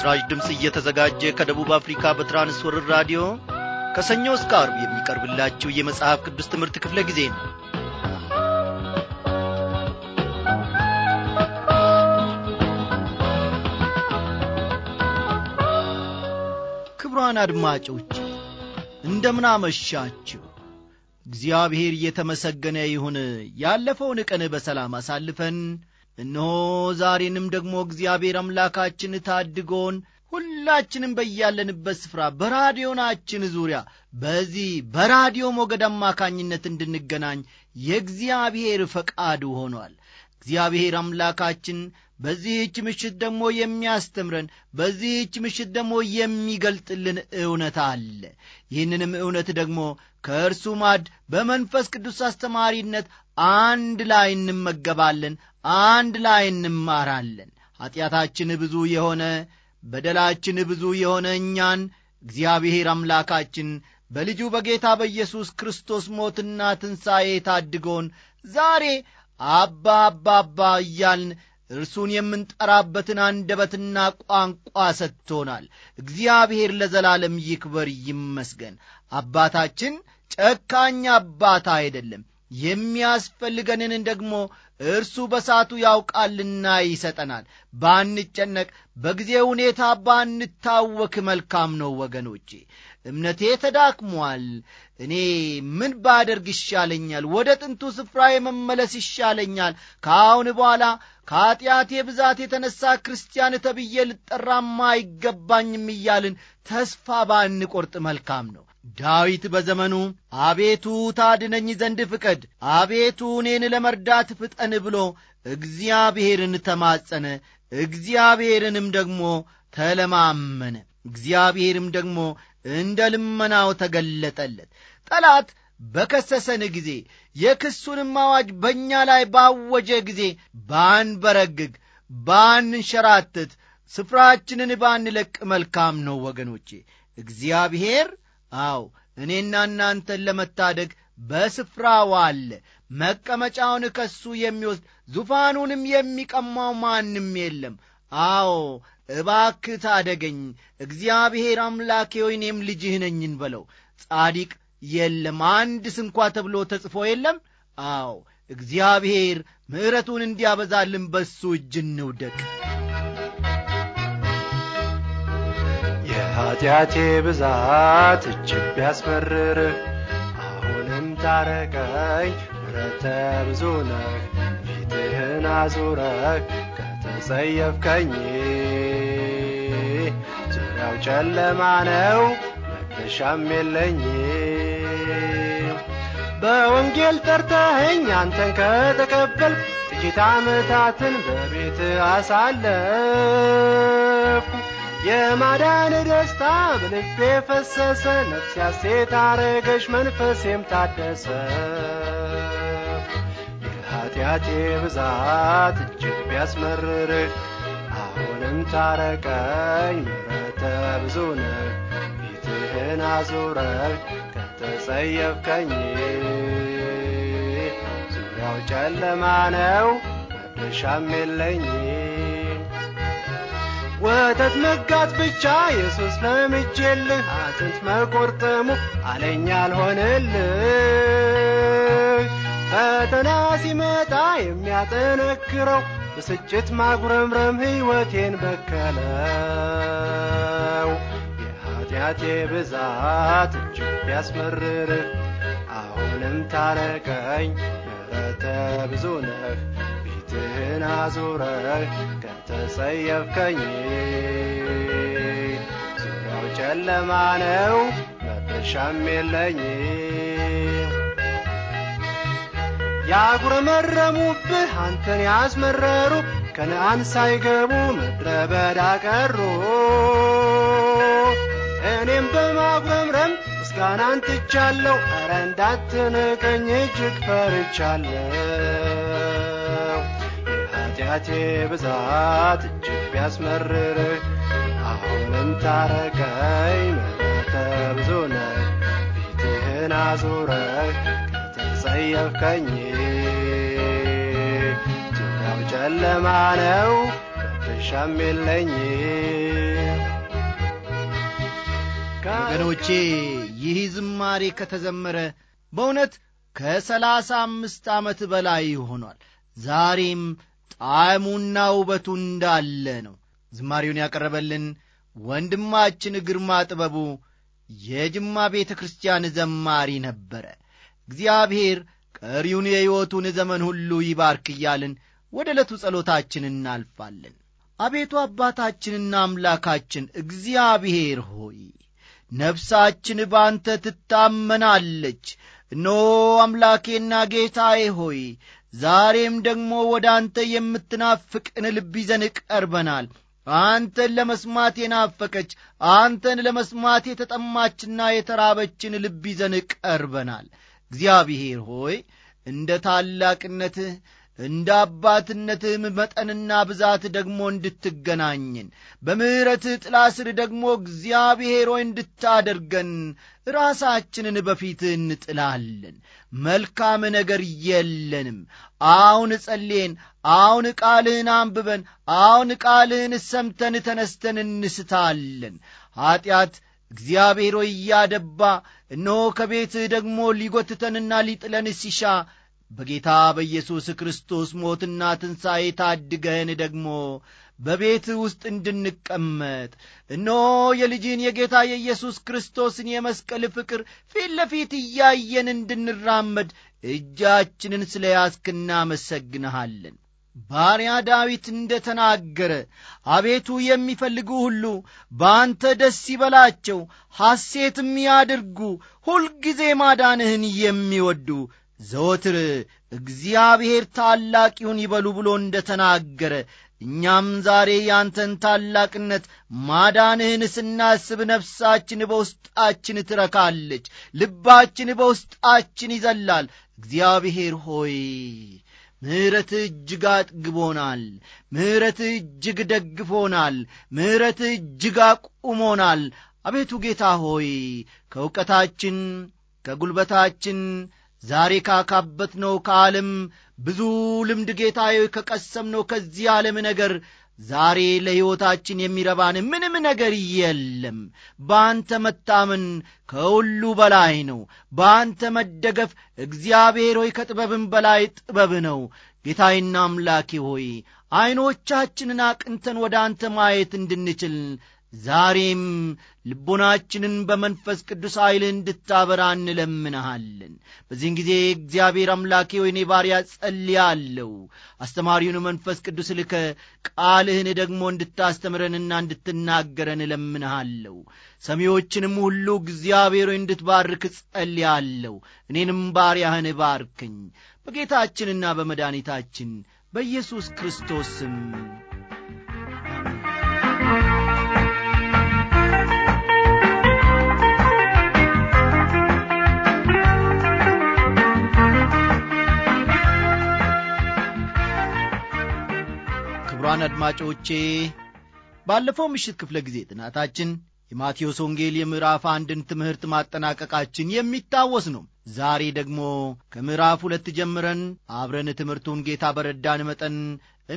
ለምስራች ድምፅ እየተዘጋጀ ከደቡብ አፍሪካ በትራንስወርር ራዲዮ ከሰኞ እስከ አርብ የሚቀርብላችሁ የመጽሐፍ ቅዱስ ትምህርት ክፍለ ጊዜ ነው ክብሯን አድማጮች እንደምን አመሻችሁ እግዚአብሔር እየተመሰገነ ይሁን ያለፈውን ቀን በሰላም አሳልፈን እነሆ ዛሬንም ደግሞ እግዚአብሔር አምላካችን ታድጎን ሁላችንም በያለንበት ስፍራ በራዲዮናችን ዙሪያ በዚህ በራዲዮ ሞገድ አማካኝነት እንድንገናኝ የእግዚአብሔር ፈቃድ ሆኗል። እግዚአብሔር አምላካችን በዚህች ምሽት ደግሞ የሚያስተምረን በዚህች ምሽት ደግሞ የሚገልጥልን እውነት አለ። ይህንንም እውነት ደግሞ ከእርሱ ማድ በመንፈስ ቅዱስ አስተማሪነት አንድ ላይ እንመገባለን፣ አንድ ላይ እንማራለን። ኀጢአታችን ብዙ የሆነ በደላችን ብዙ የሆነ እኛን እግዚአብሔር አምላካችን በልጁ በጌታ በኢየሱስ ክርስቶስ ሞትና ትንሣኤ ታድጎን ዛሬ አባ አባ አባ እያልን እርሱን የምንጠራበትን አንደበትና ቋንቋ ሰጥቶናል። እግዚአብሔር ለዘላለም ይክበር ይመስገን። አባታችን ጨካኝ አባት አይደለም። የሚያስፈልገንን ደግሞ እርሱ በሳቱ ያውቃልና ይሰጠናል። ባንጨነቅ፣ በጊዜ ሁኔታ ባንታወክ መልካም ነው ወገኖቼ። እምነቴ ተዳክሟል፣ እኔ ምን ባደርግ ይሻለኛል? ወደ ጥንቱ ስፍራ የመመለስ ይሻለኛል። ከአሁን በኋላ ከኀጢአቴ ብዛት የተነሣ ክርስቲያን ተብዬ ልጠራማ አይገባኝም እያልን ተስፋ ባንቆርጥ መልካም ነው። ዳዊት በዘመኑ አቤቱ ታድነኝ ዘንድ ፍቀድ፣ አቤቱ እኔን ለመርዳት ፍጠን ብሎ እግዚአብሔርን ተማጸነ። እግዚአብሔርንም ደግሞ ተለማመነ። እግዚአብሔርም ደግሞ እንደ ልመናው ተገለጠለት። ጠላት በከሰሰን ጊዜ የክሱንም አዋጅ በእኛ ላይ ባወጀ ጊዜ ባንበረግግ፣ ባንንሸራትት፣ ስፍራችንን ባንለቅ መልካም ነው ወገኖቼ። እግዚአብሔር አው እኔና እናንተን ለመታደግ በስፍራው አለ። መቀመጫውን ከሱ የሚወስድ ዙፋኑንም የሚቀማው ማንም የለም። አዎ እባክ ታደገኝ እግዚአብሔር አምላኬ ሆይ እኔም ልጅህ ነኝን በለው ጻዲቅ የለም አንድ ስንኳ ተብሎ ተጽፎ የለም አዎ እግዚአብሔር ምሕረቱን እንዲያበዛልን በሱ እጅ እንውደቅ የኀጢአቴ ብዛት እጅግ ቢያስመርርህ አሁንም ታረቀኝ ምሕረተ ብዙ ነህ ፊትህን አዙረህ ከተጸየፍከኝ ያው ጨለማ ነው መድረሻም የለኝም በወንጌል ጠርተኸኝ አንተን ከተቀበል ጥቂት አመታትን በቤት አሳለፍኩ የማዳን ደስታ በልቤ ፈሰሰ ነፍስ ያሴት አረገሽ መንፈሴም ታደሰ የኀጢአቴ ብዛት እጅግ ቢያስመርርህ አሁንም ታረቀኝ ምረተ ብዙ ነህ ፊትህን አዙረህ ከተጸየፍከኝ ዙሪያው ጨለማ ነው መድረሻም የለኝ ወተት መጋት ብቻ ኢየሱስ ለምቼልህ አጥንት መቆርጠሙ አለኛ አልሆንልህ ፈተና ሲመጣ የሚያጠነክረው ብስጭት ማጉረምረም ሕይወቴን በከለው። የኀጢአቴ ብዛት እጅግ ቢያስመርርህ አሁንም ታረቀኝ፣ ምሕረተ ብዙ ነህ። ፊትህን አዙረህ ከተጸየፍከኝ ዙሪያው ጨለማ ነው መድረሻም የለኝ ያጉረመረሙብህ አንተን ያስመረሩ ከነአን ሳይገቡ ምድረ በዳ ቀሩ። እኔም በማጉረምረም ምስጋናን ትቻለሁ። ኧረ እንዳትንቀኝ እጅግ ፈርቻለሁ። የኃጢአቴ ብዛት እጅግ ቢያስመርርህ አሁንም ታረቀኝ። ምሕረተ ብዙ ነህ፣ ፊትህን አዙረህ ከተጸየፍከኝ ጨለማ ነው ፍሻም የለኝ ወገኖቼ ይህ ዝማሬ ከተዘመረ በእውነት ከሰላሳ አምስት ዓመት በላይ ሆኗል ዛሬም ጣዕሙና ውበቱ እንዳለ ነው ዝማሬውን ያቀረበልን ወንድማችን ግርማ ጥበቡ የጅማ ቤተ ክርስቲያን ዘማሪ ነበረ እግዚአብሔር ቀሪውን የሕይወቱን ዘመን ሁሉ ይባርክ እያልን ወደ ዕለቱ ጸሎታችን እናልፋለን። አቤቱ አባታችንና አምላካችን እግዚአብሔር ሆይ ነፍሳችን ባንተ ትታመናለች። እነሆ አምላኬና ጌታዬ ሆይ ዛሬም ደግሞ ወደ አንተ የምትናፍቅን ልብ ይዘን ቀርበናል። አንተን ለመስማት የናፈቀች አንተን ለመስማት የተጠማችና የተራበችን ልብ ይዘን ቀርበናል። እግዚአብሔር ሆይ እንደ ታላቅነትህ እንደ አባትነትህም መጠንና ብዛት ደግሞ እንድትገናኝን በምሕረትህ ጥላ ስር ደግሞ እግዚአብሔር ሆይ እንድታደርገን ራሳችንን በፊትህ እንጥላለን። መልካም ነገር የለንም። አሁን ጸሌን፣ አሁን ቃልህን አንብበን፣ አሁን ቃልህን ሰምተን ተነስተን እንስታለን። ኀጢአት እግዚአብሔር ሆይ እያደባ እነሆ ከቤትህ ደግሞ ሊጎትተንና ሊጥለን ሲሻ በጌታ በኢየሱስ ክርስቶስ ሞትና ትንሣኤ ታድገን ደግሞ በቤት ውስጥ እንድንቀመጥ እኖ የልጅን የጌታ የኢየሱስ ክርስቶስን የመስቀል ፍቅር ፊት ለፊት እያየን እንድንራመድ እጃችንን ስለ ያዝክ እናመሰግንሃለን። ባሪያ ዳዊት እንደ ተናገረ አቤቱ የሚፈልጉ ሁሉ በአንተ ደስ ይበላቸው፣ ሐሴትም ያድርጉ፣ ሁልጊዜ ማዳንህን የሚወዱ ዘወትር እግዚአብሔር ታላቅ ይሁን ይበሉ ብሎ እንደ ተናገረ እኛም ዛሬ ያንተን ታላቅነት ማዳንህን ስናስብ ነፍሳችን በውስጣችን ትረካለች፣ ልባችን በውስጣችን ይዘላል። እግዚአብሔር ሆይ ምሕረት እጅግ አጥግቦናል። ምሕረት እጅግ ደግፎናል። ምሕረት እጅግ አቁሞናል። አቤቱ ጌታ ሆይ ከእውቀታችን ከጉልበታችን ዛሬ ካካበት ነው ከዓለም ብዙ ልምድ ጌታዬ ነው ከዚህ ዓለም ነገር ዛሬ ለሕይወታችን የሚረባን ምንም ነገር የለም። በአንተ መታመን ከሁሉ በላይ ነው። በአንተ መደገፍ እግዚአብሔር ሆይ ከጥበብን በላይ ጥበብ ነው። ጌታዬና አምላኬ ሆይ ዐይኖቻችንን አቅንተን ወደ አንተ ማየት እንድንችል ዛሬም ልቦናችንን በመንፈስ ቅዱስ ኃይል እንድታበራ እንለምንሃለን። በዚህን ጊዜ እግዚአብሔር አምላኬ ወይኔ ባሪያ ጸልያለሁ። አስተማሪውን መንፈስ ቅዱስ ልከ ቃልህን ደግሞ እንድታስተምረንና እንድትናገረን እለምንሃለሁ። ሰሚዎችንም ሁሉ እግዚአብሔር እንድትባርክ ጸልያለሁ። እኔንም ባሪያህን ባርክኝ በጌታችንና በመድኃኒታችን በኢየሱስ ክርስቶስም ክቡራን አድማጮቼ ባለፈው ምሽት ክፍለ ጊዜ ጥናታችን የማቴዎስ ወንጌል የምዕራፍ አንድን ትምህርት ማጠናቀቃችን የሚታወስ ነው ዛሬ ደግሞ ከምዕራፍ ሁለት ጀምረን አብረን ትምህርቱን ጌታ በረዳን መጠን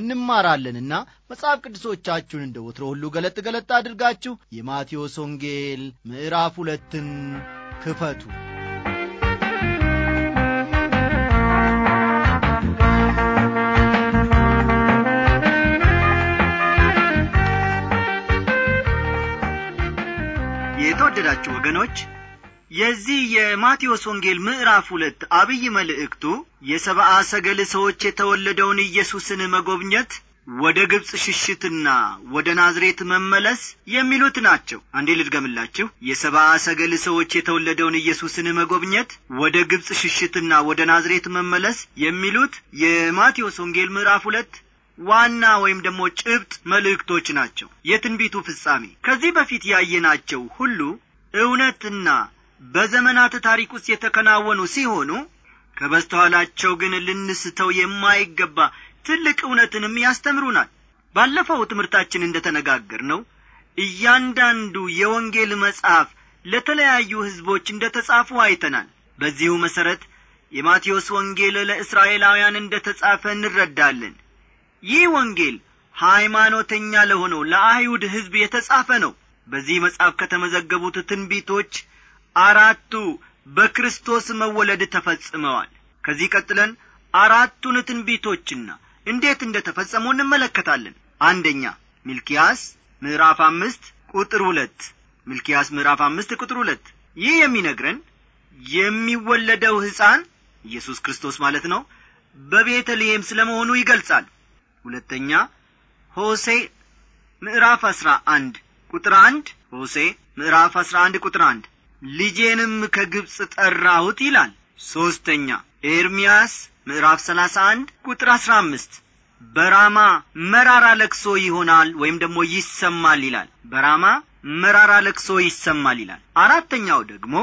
እንማራለንና መጽሐፍ ቅዱሶቻችሁን እንደ ወትሮ ሁሉ ገለጥ ገለጥ አድርጋችሁ የማቴዎስ ወንጌል ምዕራፍ ሁለትን ክፈቱ የተወደዳችሁ ወገኖች የዚህ የማቴዎስ ወንጌል ምዕራፍ ሁለት አብይ መልእክቱ የሰብአ ሰገል ሰዎች የተወለደውን ኢየሱስን መጎብኘት ወደ ግብፅ ሽሽትና ወደ ናዝሬት መመለስ የሚሉት ናቸው አንዴ ልድገምላችሁ የሰብአ ሰገል ሰዎች የተወለደውን ኢየሱስን መጎብኘት ወደ ግብፅ ሽሽትና ወደ ናዝሬት መመለስ የሚሉት የማቴዎስ ወንጌል ምዕራፍ ሁለት ዋና ወይም ደግሞ ጭብጥ መልእክቶች ናቸው የትንቢቱ ፍጻሜ ከዚህ በፊት ያየናቸው ሁሉ እውነትና በዘመናት ታሪክ ውስጥ የተከናወኑ ሲሆኑ ከበስተኋላቸው ግን ልንስተው የማይገባ ትልቅ እውነትንም ያስተምሩናል ባለፈው ትምህርታችን እንደ ተነጋገር ነው እያንዳንዱ የወንጌል መጽሐፍ ለተለያዩ ሕዝቦች እንደ ተጻፉ አይተናል በዚሁ መሠረት የማቴዎስ ወንጌል ለእስራኤላውያን እንደ ተጻፈ እንረዳለን ይህ ወንጌል ሃይማኖተኛ ለሆነው ለአይሁድ ሕዝብ የተጻፈ ነው በዚህ መጽሐፍ ከተመዘገቡት ትንቢቶች አራቱ በክርስቶስ መወለድ ተፈጽመዋል ከዚህ ቀጥለን አራቱን ትንቢቶችና እንዴት እንደ ተፈጸሙ እንመለከታለን አንደኛ ሚልኪያስ ምዕራፍ አምስት ቁጥር ሁለት ሚልኪያስ ምዕራፍ አምስት ቁጥር ሁለት ይህ የሚነግረን የሚወለደው ሕፃን ኢየሱስ ክርስቶስ ማለት ነው በቤተልሔም ስለ መሆኑ ይገልጻል ሁለተኛ ሆሴ ምዕራፍ አስራ አንድ ቁጥር አንድ ሆሴ ምዕራፍ አስራ አንድ ቁጥር አንድ ልጄንም ከግብፅ ጠራሁት ይላል ሦስተኛ ኤርምያስ ምዕራፍ ሰላሳ አንድ ቁጥር አስራ አምስት በራማ መራራ ለቅሶ ይሆናል ወይም ደግሞ ይሰማል ይላል በራማ መራራ ለቅሶ ይሰማል ይላል አራተኛው ደግሞ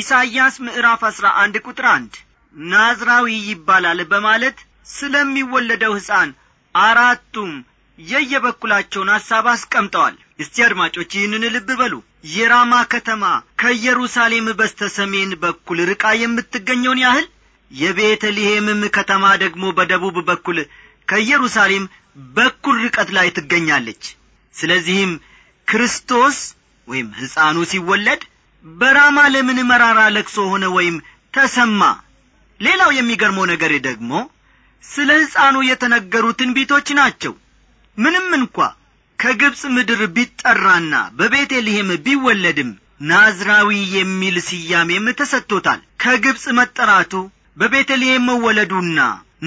ኢሳይያስ ምዕራፍ አስራ አንድ ቁጥር አንድ ናዝራዊ ይባላል በማለት ስለሚወለደው ሕፃን አራቱም የየበኩላቸውን ሐሳብ አስቀምጠዋል እስቲ አድማጮች ይህንን ልብ በሉ የራማ ከተማ ከኢየሩሳሌም በስተ ሰሜን በኩል ርቃ የምትገኘውን ያህል የቤተልሔምም ከተማ ደግሞ በደቡብ በኩል ከኢየሩሳሌም በኩል ርቀት ላይ ትገኛለች ስለዚህም ክርስቶስ ወይም ሕፃኑ ሲወለድ በራማ ለምን መራራ ለቅሶ ሆነ ወይም ተሰማ ሌላው የሚገርመው ነገር ደግሞ ስለ ሕፃኑ የተነገሩ ትንቢቶች ናቸው ምንም እንኳ ከግብፅ ምድር ቢጠራና በቤተልሔም ቢወለድም ናዝራዊ የሚል ስያሜም ተሰጥቶታል ከግብፅ መጠራቱ በቤተልሔም መወለዱና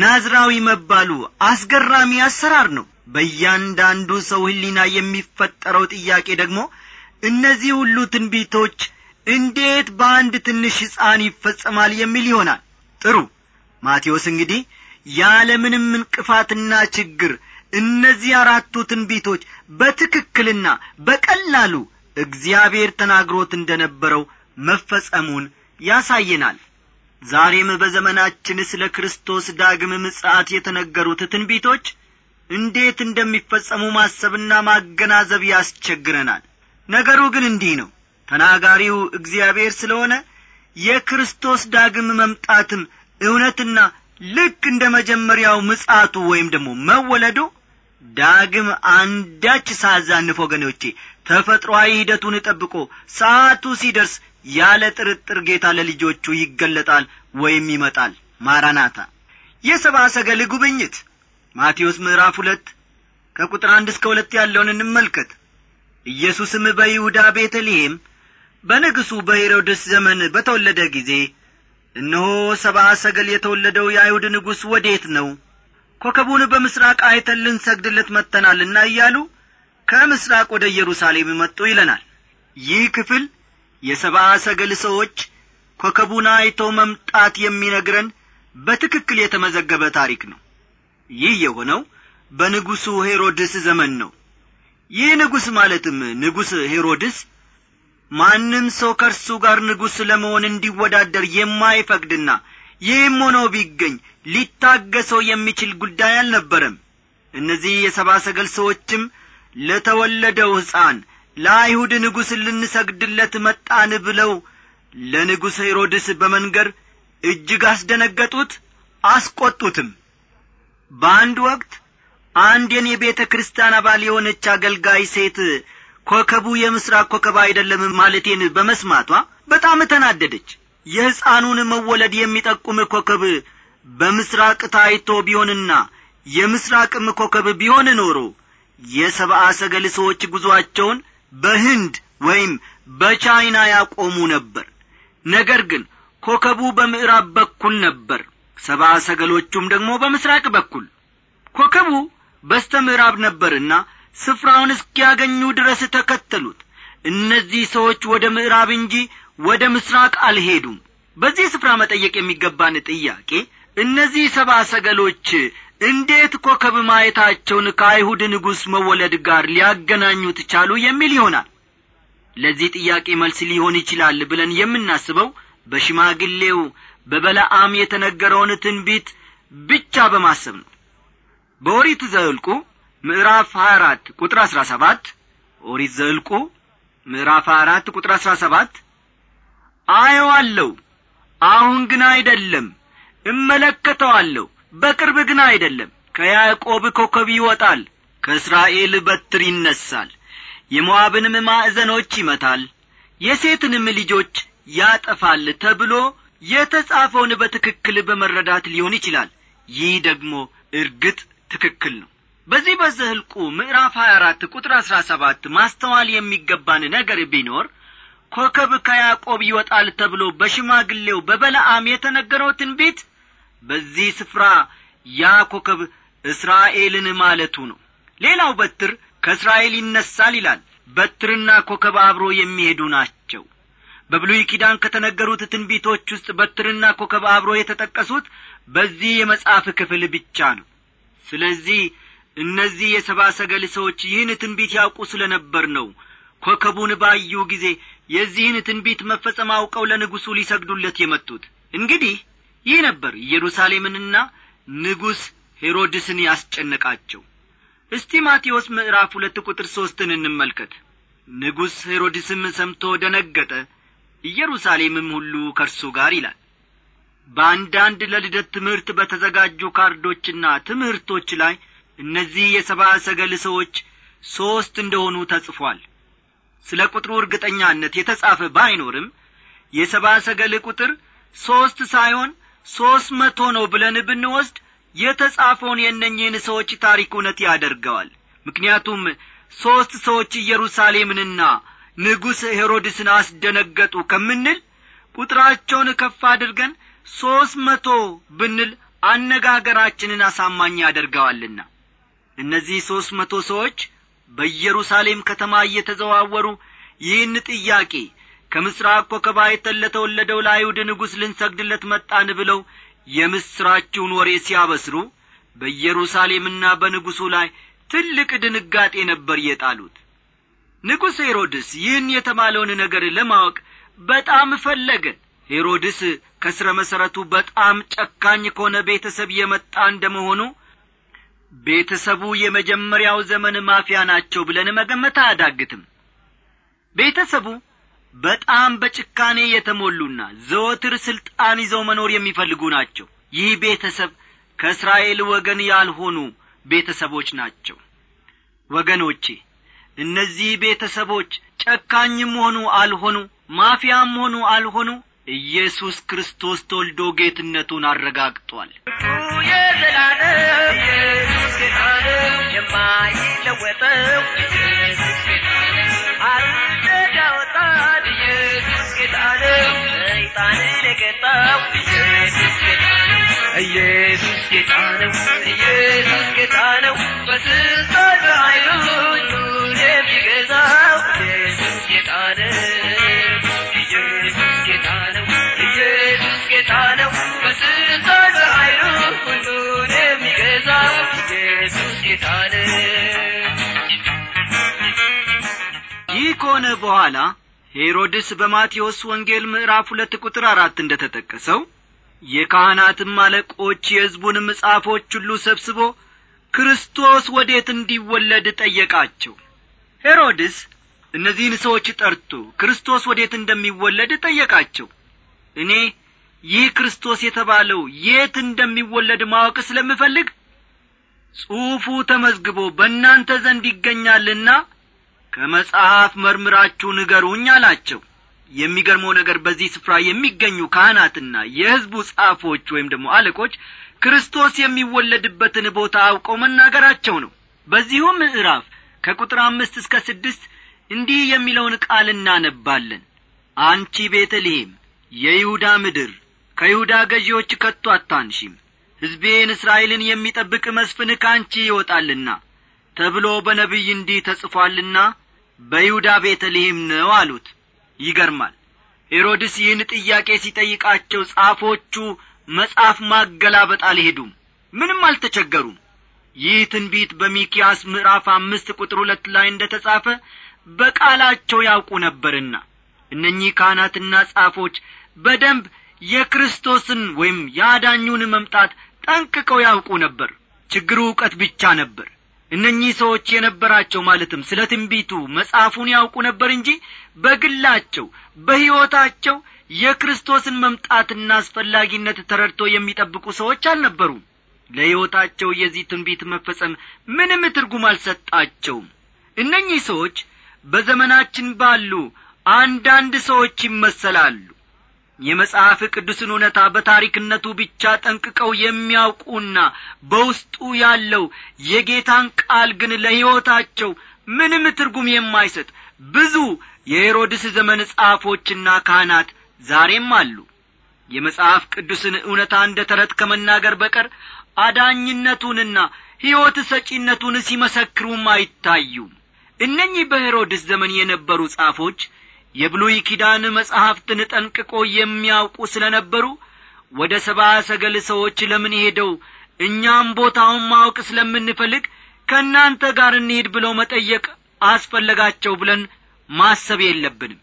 ናዝራዊ መባሉ አስገራሚ አሰራር ነው በእያንዳንዱ ሰው ህሊና የሚፈጠረው ጥያቄ ደግሞ እነዚህ ሁሉ ትንቢቶች እንዴት በአንድ ትንሽ ሕፃን ይፈጸማል የሚል ይሆናል ጥሩ ማቴዎስ እንግዲህ ያለምንም እንቅፋትና ችግር እነዚህ አራቱ ትንቢቶች በትክክልና በቀላሉ እግዚአብሔር ተናግሮት እንደ ነበረው መፈጸሙን ያሳየናል ዛሬም በዘመናችን ስለ ክርስቶስ ዳግም ምጽአት የተነገሩት ትንቢቶች እንዴት እንደሚፈጸሙ ማሰብና ማገናዘብ ያስቸግረናል ነገሩ ግን እንዲህ ነው ተናጋሪው እግዚአብሔር ስለሆነ የክርስቶስ ዳግም መምጣትም እውነትና ልክ እንደ መጀመሪያው ምጻቱ ወይም ደግሞ መወለዱ ዳግም አንዳች ሳዛንፍ ወገኖቼ ተፈጥሮአዊ ሂደቱን ጠብቆ ሰዓቱ ሲደርስ ያለ ጥርጥር ጌታ ለልጆቹ ይገለጣል ወይም ይመጣል ማራናታ የሰባ ሰገል ጉብኝት ማቴዎስ ምዕራፍ ሁለት ከቁጥር አንድ እስከ ሁለት ያለውን እንመልከት ኢየሱስም በይሁዳ ቤተልሔም በንጉሡ በሄሮድስ ዘመን በተወለደ ጊዜ እነሆ ሰብአ ሰገል የተወለደው የአይሁድ ንጉሥ ወዴት ነው ኮከቡን በምስራቅ አይተን ልንሰግድለት መጥተናልና እያሉ ከምስራቅ ወደ ኢየሩሳሌም መጡ ይለናል ይህ ክፍል የሰብአ ሰገል ሰዎች ኮከቡን አይተው መምጣት የሚነግረን በትክክል የተመዘገበ ታሪክ ነው ይህ የሆነው በንጉሡ ሄሮድስ ዘመን ነው ይህ ንጉሥ ማለትም ንጉሥ ሄሮድስ ማንም ሰው ከእርሱ ጋር ንጉሥ ለመሆን እንዲወዳደር የማይፈቅድና ይህም ሆኖ ቢገኝ ሊታገሰው የሚችል ጉዳይ አልነበረም እነዚህ የሰባ ሰገል ሰዎችም ለተወለደው ሕፃን ለአይሁድ ንጉሥ ልንሰግድለት መጣን ብለው ለንጉሥ ሄሮድስ በመንገር እጅግ አስደነገጡት አስቈጡትም በአንድ ወቅት አንድ የኔ ቤተ ክርስቲያን አባል የሆነች አገልጋይ ሴት ኮከቡ የምስራቅ ኮከብ አይደለም ማለቴን በመስማቷ በጣም ተናደደች የሕፃኑን መወለድ የሚጠቁም ኮከብ በምስራቅ ታይቶ ቢሆንና የምስራቅም ኮከብ ቢሆን ኖሮ የሰብአ ሰገል ሰዎች ጉዞአቸውን በህንድ ወይም በቻይና ያቆሙ ነበር ነገር ግን ኮከቡ በምዕራብ በኩል ነበር ሰብአ ሰገሎቹም ደግሞ በምስራቅ በኩል ኮከቡ በስተ ምዕራብ ነበርና ስፍራውን እስኪያገኙ ድረስ ተከተሉት እነዚህ ሰዎች ወደ ምዕራብ እንጂ ወደ ምስራቅ አልሄዱም በዚህ ስፍራ መጠየቅ የሚገባን ጥያቄ እነዚህ ሰባ ሰገሎች እንዴት ኮከብ ማየታቸውን ከአይሁድ ንጉሥ መወለድ ጋር ሊያገናኙት ቻሉ የሚል ይሆናል ለዚህ ጥያቄ መልስ ሊሆን ይችላል ብለን የምናስበው በሽማግሌው በበለአም የተነገረውን ትንቢት ብቻ በማሰብ ነው በወሪት ዘልቁ ምዕራፍ 24 ቁጥር 17 ኦሪት ዘልቁ ምዕራፍ 24 ቁጥር 17 አየዋለሁ አሁን ግን አይደለም እመለከተዋለሁ በቅርብ ግን አይደለም ከያዕቆብ ኮከብ ይወጣል ከእስራኤል በትር ይነሳል የሞዓብንም ማዕዘኖች ይመታል የሴትንም ልጆች ያጠፋል ተብሎ የተጻፈውን በትክክል በመረዳት ሊሆን ይችላል ይህ ደግሞ እርግጥ ትክክል ነው በዚህ በዘኍልቍ ምዕራፍ 24 ቁጥር 17 ማስተዋል የሚገባን ነገር ቢኖር ኮከብ ከያዕቆብ ይወጣል ተብሎ በሽማግሌው በበለዓም የተነገረው ትንቢት በዚህ ስፍራ ያ ኮከብ እስራኤልን ማለቱ ነው ሌላው በትር ከእስራኤል ይነሳል ይላል በትርና ኮከብ አብሮ የሚሄዱ ናቸው በብሉይ ኪዳን ከተነገሩት ትንቢቶች ውስጥ በትርና ኮከብ አብሮ የተጠቀሱት በዚህ የመጽሐፍ ክፍል ብቻ ነው ስለዚህ እነዚህ የሰባ ሰገል ሰዎች ይህን ትንቢት ያውቁ ስለ ነበር ነው ኮከቡን ባዩ ጊዜ የዚህን ትንቢት መፈጸም አውቀው ለንጉሡ ሊሰግዱለት የመጡት እንግዲህ ይህ ነበር ኢየሩሳሌምንና ንጉሥ ሄሮድስን ያስጨነቃቸው እስቲ ማቴዎስ ምዕራፍ ሁለት ቁጥር ሦስትን እንመልከት ንጉሥ ሄሮድስም ሰምቶ ደነገጠ ኢየሩሳሌምም ሁሉ ከእርሱ ጋር ይላል በአንዳንድ ለልደት ትምህርት በተዘጋጁ ካርዶችና ትምህርቶች ላይ እነዚህ የሰባ ሰገል ሰዎች ሦስት እንደሆኑ ተጽፏል ስለ ቁጥሩ እርግጠኛነት የተጻፈ ባይኖርም የሰባ ሰገል ቁጥር ሦስት ሳይሆን ሦስት መቶ ነው ብለን ብንወስድ የተጻፈውን የእነኝህን ሰዎች ታሪክ እውነት ያደርገዋል ምክንያቱም ሦስት ሰዎች ኢየሩሳሌምንና ንጉሥ ሄሮድስን አስደነገጡ ከምንል ቁጥራቸውን ከፍ አድርገን ሦስት መቶ ብንል አነጋገራችንን አሳማኝ ያደርገዋልና እነዚህ ሦስት መቶ ሰዎች በኢየሩሳሌም ከተማ እየተዘዋወሩ ይህን ጥያቄ ከምሥራቅ ኮከባ የተለተወለደው ለአይሁድ ንጉሥ ልንሰግድለት መጣን ብለው የምሥራችውን ወሬ ሲያበስሩ በኢየሩሳሌምና በንጉሡ ላይ ትልቅ ድንጋጤ ነበር የጣሉት ንጉሥ ሄሮድስ ይህን የተባለውን ነገር ለማወቅ በጣም ፈለገ ሄሮድስ ከሥረ መሠረቱ በጣም ጨካኝ ከሆነ ቤተሰብ የመጣ እንደመሆኑ። መሆኑ ቤተሰቡ የመጀመሪያው ዘመን ማፊያ ናቸው ብለን መገመት አያዳግትም ቤተሰቡ በጣም በጭካኔ የተሞሉና ዘወትር ስልጣን ይዘው መኖር የሚፈልጉ ናቸው ይህ ቤተሰብ ከእስራኤል ወገን ያልሆኑ ቤተሰቦች ናቸው ወገኖቼ እነዚህ ቤተሰቦች ጨካኝም ሆኑ አልሆኑ ማፊያም ሆኑ አልሆኑ ኢየሱስ ክርስቶስ ተወልዶ ጌትነቱን አረጋግጧል የማይለወጠው አንተ ዳወጣን ኢየሱስ ጌታ ነው ሰይጣንን የቀጣው ኢየሱስ ጌታ ነው ኢየሱስ ነው በስልጣን በኃይሉ ሁሉን የሚገ ይህ ከሆነ በኋላ ሄሮድስ በማቴዎስ ወንጌል ምዕራፍ ሁለት ቁጥር አራት እንደ ተጠቀሰው የካህናትም አለቆች የሕዝቡንም መጻፎች ሁሉ ሰብስቦ ክርስቶስ ወዴት እንዲወለድ ጠየቃቸው ሄሮድስ እነዚህን ሰዎች ጠርቶ ክርስቶስ ወዴት እንደሚወለድ ጠየቃቸው እኔ ይህ ክርስቶስ የተባለው የት እንደሚወለድ ማወቅ ስለምፈልግ ጽሑፉ ተመዝግቦ በእናንተ ዘንድ ይገኛልና ከመጽሐፍ መርምራችሁ ንገሩኝ አላቸው የሚገርመው ነገር በዚህ ስፍራ የሚገኙ ካህናትና የሕዝቡ ጻፎች ወይም ደግሞ አለቆች ክርስቶስ የሚወለድበትን ቦታ አውቆ መናገራቸው ነው በዚሁ ምዕራፍ ከቁጥር አምስት እስከ ስድስት እንዲህ የሚለውን ቃል እናነባለን አንቺ ቤተልሔም የይሁዳ ምድር ከይሁዳ ገዢዎች ከቶ አታንሺም ሕዝቤን እስራኤልን የሚጠብቅ መስፍን ካንቺ ይወጣልና ተብሎ በነቢይ እንዲህ ተጽፏልና በይሁዳ ልሔም ነው አሉት ይገርማል ሄሮድስ ይህን ጥያቄ ሲጠይቃቸው ጻፎቹ መጽሐፍ ማገላበጥ አልሄዱም ምንም አልተቸገሩም ይህ ትንቢት በሚኪያስ ምዕራፍ አምስት ቁጥር ሁለት ላይ እንደ ተጻፈ በቃላቸው ያውቁ ነበርና እነኚህ ካህናትና ጻፎች በደንብ የክርስቶስን ወይም የአዳኙን መምጣት ጠንቅቀው ያውቁ ነበር ችግሩ እውቀት ብቻ ነበር እነኚህ ሰዎች የነበራቸው ማለትም ስለ ትንቢቱ መጽሐፉን ያውቁ ነበር እንጂ በግላቸው በሕይወታቸው የክርስቶስን መምጣትና አስፈላጊነት ተረድቶ የሚጠብቁ ሰዎች አልነበሩም ለሕይወታቸው የዚህ ትንቢት መፈጸም ምንም ትርጉም አልሰጣቸውም እነኚህ ሰዎች በዘመናችን ባሉ አንዳንድ ሰዎች ይመሰላሉ የመጽሐፍ ቅዱስን እውነታ በታሪክነቱ ብቻ ጠንቅቀው የሚያውቁና በውስጡ ያለው የጌታን ቃል ግን ለሕይወታቸው ምንም ትርጉም የማይሰጥ ብዙ የሄሮድስ ዘመን ጻፎችና ካህናት ዛሬም አሉ የመጽሐፍ ቅዱስን እውነታ እንደ ተረት ከመናገር በቀር አዳኝነቱንና ሕይወት ሰጪነቱን ሲመሰክሩም አይታዩም እነኚህ በሄሮድስ ዘመን የነበሩ ጻፎች የብሉይ ኪዳን መጻሕፍትን ጠንቅቆ የሚያውቁ ስለ ነበሩ ወደ ሰባ ሰገል ሰዎች ለምን ሄደው እኛም ቦታውን ማወቅ ስለምንፈልግ ከእናንተ ጋር እንሄድ ብለው መጠየቅ አስፈለጋቸው ብለን ማሰብ የለብንም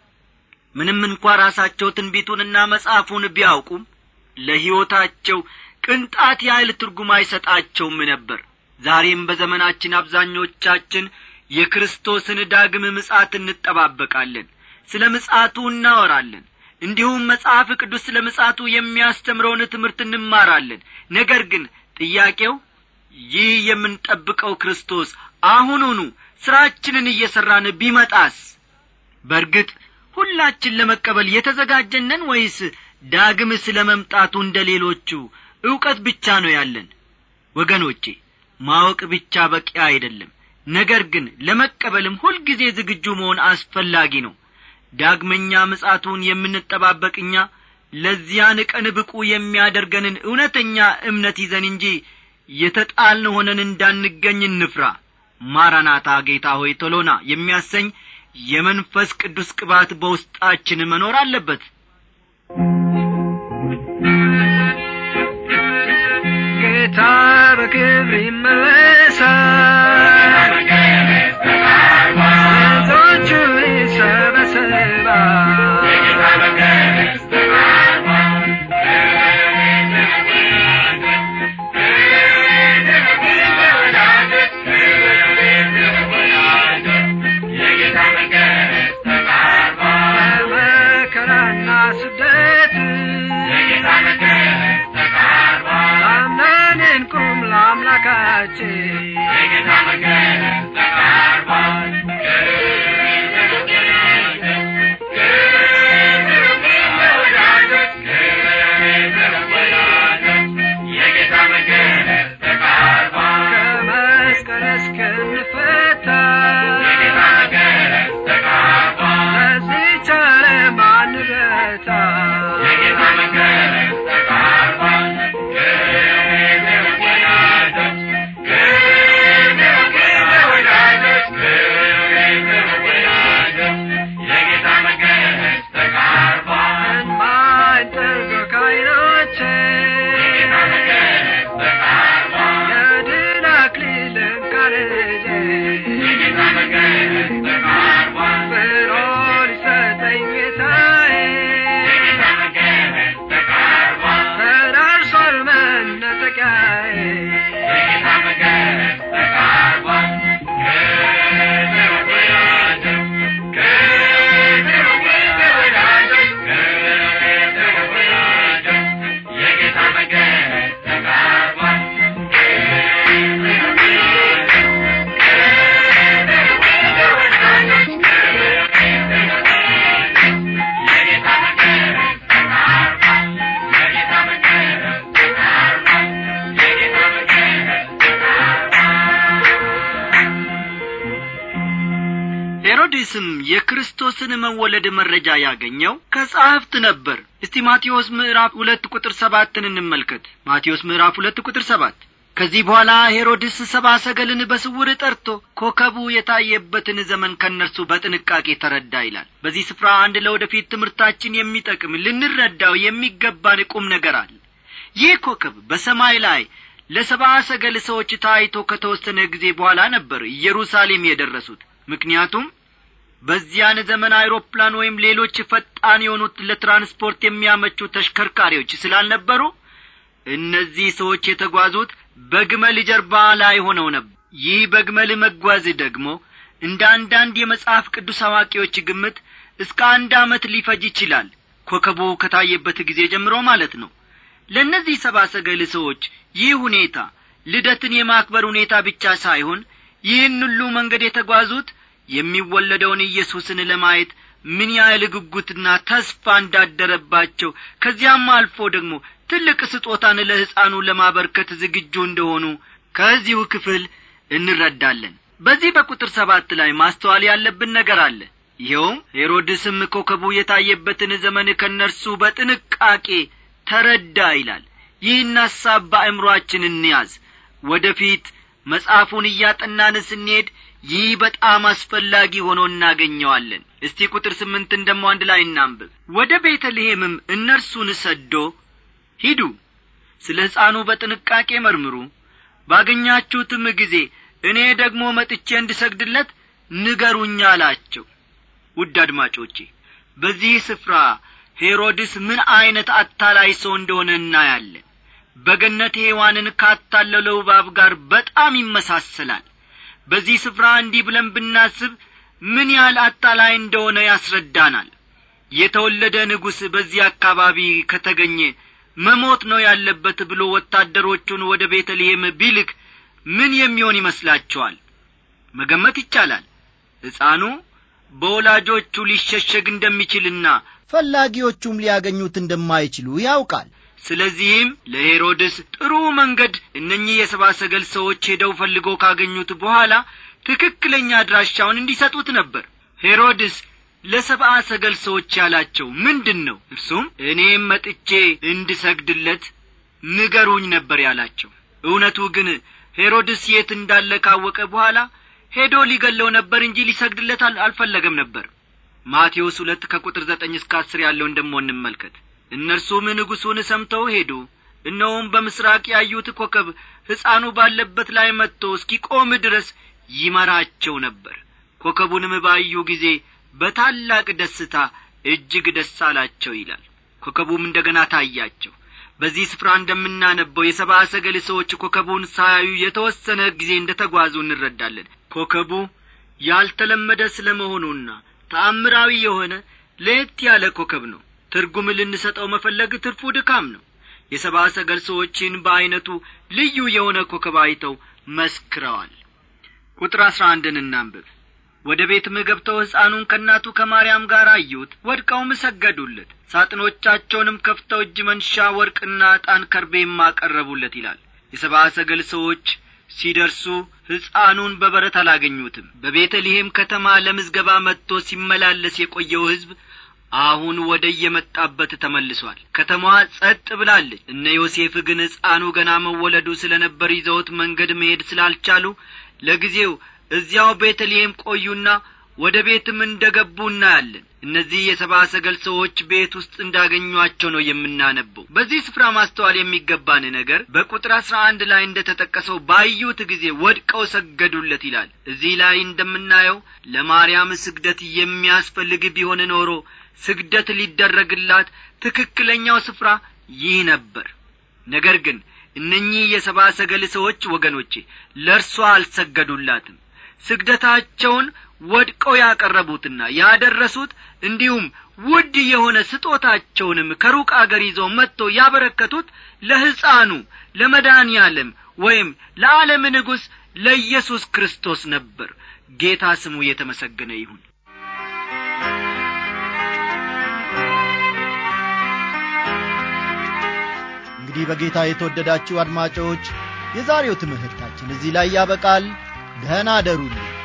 ምንም እንኳ ራሳቸው ትንቢቱንና መጽሐፉን ቢያውቁም ለሕይወታቸው ቅንጣት ያህል ትርጉም አይሰጣቸውም ነበር ዛሬም በዘመናችን አብዛኞቻችን የክርስቶስን ዳግም ምጻት እንጠባበቃለን ስለ ምጻቱ እናወራለን እንዲሁም መጽሐፍ ቅዱስ ስለ ምጻቱ የሚያስተምረውን ትምህርት እንማራለን ነገር ግን ጥያቄው ይህ የምንጠብቀው ክርስቶስ አሁኑኑ ሥራችንን እየሠራን ቢመጣስ በርግጥ ሁላችን ለመቀበል የተዘጋጀነን ወይስ ዳግም ስለ መምጣቱ እንደ ሌሎቹ ዕውቀት ብቻ ነው ያለን ወገኖቼ ማወቅ ብቻ በቂ አይደለም ነገር ግን ለመቀበልም ሁልጊዜ ዝግጁ መሆን አስፈላጊ ነው ዳግመኛ ምጻቱን የምንጠባበቅኛ ለዚያን ቀን ብቁ የሚያደርገንን እውነተኛ እምነት ይዘን እንጂ የተጣልን ሆነን እንዳንገኝ እንፍራ ማራናታ ጌታ ሆይ ቶሎና የሚያሰኝ የመንፈስ ቅዱስ ቅባት በውስጣችን መኖር አለበት ጌታ በክብር ይመለሳል time. ዮሐንስም የክርስቶስን መወለድ መረጃ ያገኘው ከጻሕፍት ነበር እስቲ ማቴዎስ ምዕራፍ ሁለት ቁጥር ሰባትን እንመልከት ማቴዎስ ምዕራፍ ሁለት ቁጥር ሰባት ከዚህ በኋላ ሄሮድስ ሰባ ሰገልን በስውር ጠርቶ ኮከቡ የታየበትን ዘመን ከእነርሱ በጥንቃቄ ተረዳ ይላል በዚህ ስፍራ አንድ ለወደፊት ትምህርታችን የሚጠቅም ልንረዳው የሚገባን ቁም ነገር አለ ይህ ኮከብ በሰማይ ላይ ለሰባ ሰገል ሰዎች ታይቶ ከተወሰነ ጊዜ በኋላ ነበር ኢየሩሳሌም የደረሱት ምክንያቱም በዚያን ዘመን አይሮፕላን ወይም ሌሎች ፈጣን የሆኑት ለትራንስፖርት የሚያመቹ ተሽከርካሪዎች ስላልነበሩ እነዚህ ሰዎች የተጓዙት በግመል ጀርባ ላይ ሆነው ነበር ይህ በግመል መጓዝ ደግሞ እንደ አንዳንድ የመጽሐፍ ቅዱስ አዋቂዎች ግምት እስከ አንድ ዓመት ሊፈጅ ይችላል ኮከቡ ከታየበት ጊዜ ጀምሮ ማለት ነው ለእነዚህ ሰባ ሰገል ሰዎች ይህ ሁኔታ ልደትን የማክበር ሁኔታ ብቻ ሳይሆን ይህን ሁሉ መንገድ የተጓዙት የሚወለደውን ኢየሱስን ለማየት ምን ያህል ጉጉትና ተስፋ እንዳደረባቸው ከዚያም አልፎ ደግሞ ትልቅ ስጦታን ለሕፃኑ ለማበርከት ዝግጁ እንደሆኑ ከዚሁ ክፍል እንረዳለን በዚህ በቁጥር ሰባት ላይ ማስተዋል ያለብን ነገር አለ ይኸውም ሄሮድስም ኮከቡ የታየበትን ዘመን ከእነርሱ በጥንቃቄ ተረዳ ይላል ይህን ሐሳብ በአእምሮአችን እንያዝ ወደ ፊት መጽሐፉን እያጠናን ስንሄድ ይህ በጣም አስፈላጊ ሆኖ እናገኘዋለን እስቲ ቁጥር ስምንትን ደሞ አንድ ላይ እናንብብ ወደ ቤተልሔምም እነርሱን ሰዶ ሂዱ ስለ ሕፃኑ በጥንቃቄ መርምሩ ባገኛችሁትም ጊዜ እኔ ደግሞ መጥቼ እንድሰግድለት ንገሩኛ አላቸው ውድ አድማጮቼ በዚህ ስፍራ ሄሮድስ ምን ዐይነት አታላይ ሰው እንደሆነ እናያለን በገነት ሔዋንን ካታለለው ባብ ጋር በጣም ይመሳሰላል በዚህ ስፍራ እንዲህ ብለን ብናስብ ምን ያህል አጣላይ እንደሆነ ያስረዳናል የተወለደ ንጉሥ በዚህ አካባቢ ከተገኘ መሞት ነው ያለበት ብሎ ወታደሮቹን ወደ ቤተልሔም ቢልክ ምን የሚሆን ይመስላችኋል መገመት ይቻላል ሕፃኑ በወላጆቹ ሊሸሸግ እንደሚችልና ፈላጊዎቹም ሊያገኙት እንደማይችሉ ያውቃል ስለዚህም ለሄሮድስ ጥሩ መንገድ እነኚህ የሰብአ ሰገል ሰዎች ሄደው ፈልጎ ካገኙት በኋላ ትክክለኛ አድራሻውን እንዲሰጡት ነበር ሄሮድስ ለሰብአ ሰገል ሰዎች ያላቸው ምንድን ነው እርሱም እኔም መጥቼ እንድሰግድለት ንገሩኝ ነበር ያላቸው እውነቱ ግን ሄሮድስ የት እንዳለ ካወቀ በኋላ ሄዶ ሊገለው ነበር እንጂ ሊሰግድለት አልፈለገም ነበር ማቴዎስ ሁለት ከቁጥር ዘጠኝ እስከ አስር ያለው እንደሞ እንመልከት እነርሱም ንጉሡን ሰምተው ሄዱ እነውም በምስራቅ ያዩት ኮከብ ሕፃኑ ባለበት ላይ መጥቶ እስኪቆም ድረስ ይመራቸው ነበር ኮከቡንም ባዩ ጊዜ በታላቅ ደስታ እጅግ ደስ አላቸው ይላል ኮከቡም እንደ ገና ታያቸው በዚህ ስፍራ እንደምናነበው የሰብአ ሰገል ሰዎች ኮከቡን ሳያዩ የተወሰነ ጊዜ እንደ ተጓዙ እንረዳለን ኮከቡ ያልተለመደ ስለ መሆኑና ተአምራዊ የሆነ ለየት ያለ ኮከብ ነው ትርጉም ልንሰጠው መፈለግ ትርፉ ድካም ነው የሰባ ሰገል ሰዎችን በዐይነቱ ልዩ የሆነ ኮከብ አይተው መስክረዋል ቁጥር አሥራ አንድን እናንብብ ወደ ቤትም ገብተው ሕፃኑን ከእናቱ ከማርያም ጋር አዩት ወድቀውም ሰገዱለት ሳጥኖቻቸውንም ከፍተው እጅ መንሻ ወርቅና ዕጣን ከርቤም አቀረቡለት ይላል የሰባ ሰገል ሰዎች ሲደርሱ ሕፃኑን በበረት አላገኙትም በቤተልሔም ከተማ ለምዝገባ መጥቶ ሲመላለስ የቆየው ሕዝብ አሁን ወደ የመጣበት ተመልሷል ከተማዋ ጸጥ ብላለች እነ ዮሴፍ ግን ሕፃኑ ገና መወለዱ ስለ ነበር ይዘውት መንገድ መሄድ ስላልቻሉ ለጊዜው እዚያው ቤተልሔም ቆዩና ወደ ቤትም እንደ ገቡ እናያለን እነዚህ የሰባ ሰገል ሰዎች ቤት ውስጥ እንዳገኟቸው ነው የምናነበው በዚህ ስፍራ ማስተዋል የሚገባን ነገር በቁጥር አሥራ አንድ ላይ እንደ ተጠቀሰው ባዩት ጊዜ ወድቀው ሰገዱለት ይላል እዚህ ላይ እንደምናየው ለማርያም ስግደት የሚያስፈልግ ቢሆን ኖሮ ስግደት ሊደረግላት ትክክለኛው ስፍራ ይህ ነበር ነገር ግን እነኚህ የሰባ ሰገል ሰዎች ወገኖቼ ለእርሷ አልሰገዱላትም ስግደታቸውን ወድቀው ያቀረቡትና ያደረሱት እንዲሁም ውድ የሆነ ስጦታቸውንም ከሩቅ አገር ይዘው መጥቶ ያበረከቱት ለሕፃኑ ለመዳን ያለም ወይም ለዓለም ንጉሥ ለኢየሱስ ክርስቶስ ነበር ጌታ ስሙ የተመሰገነ ይሁን እንግዲህ በጌታ የተወደዳችሁ አድማጮች የዛሬው ትምህርታችን እዚህ ላይ ያበቃል። ደህና ደሩልን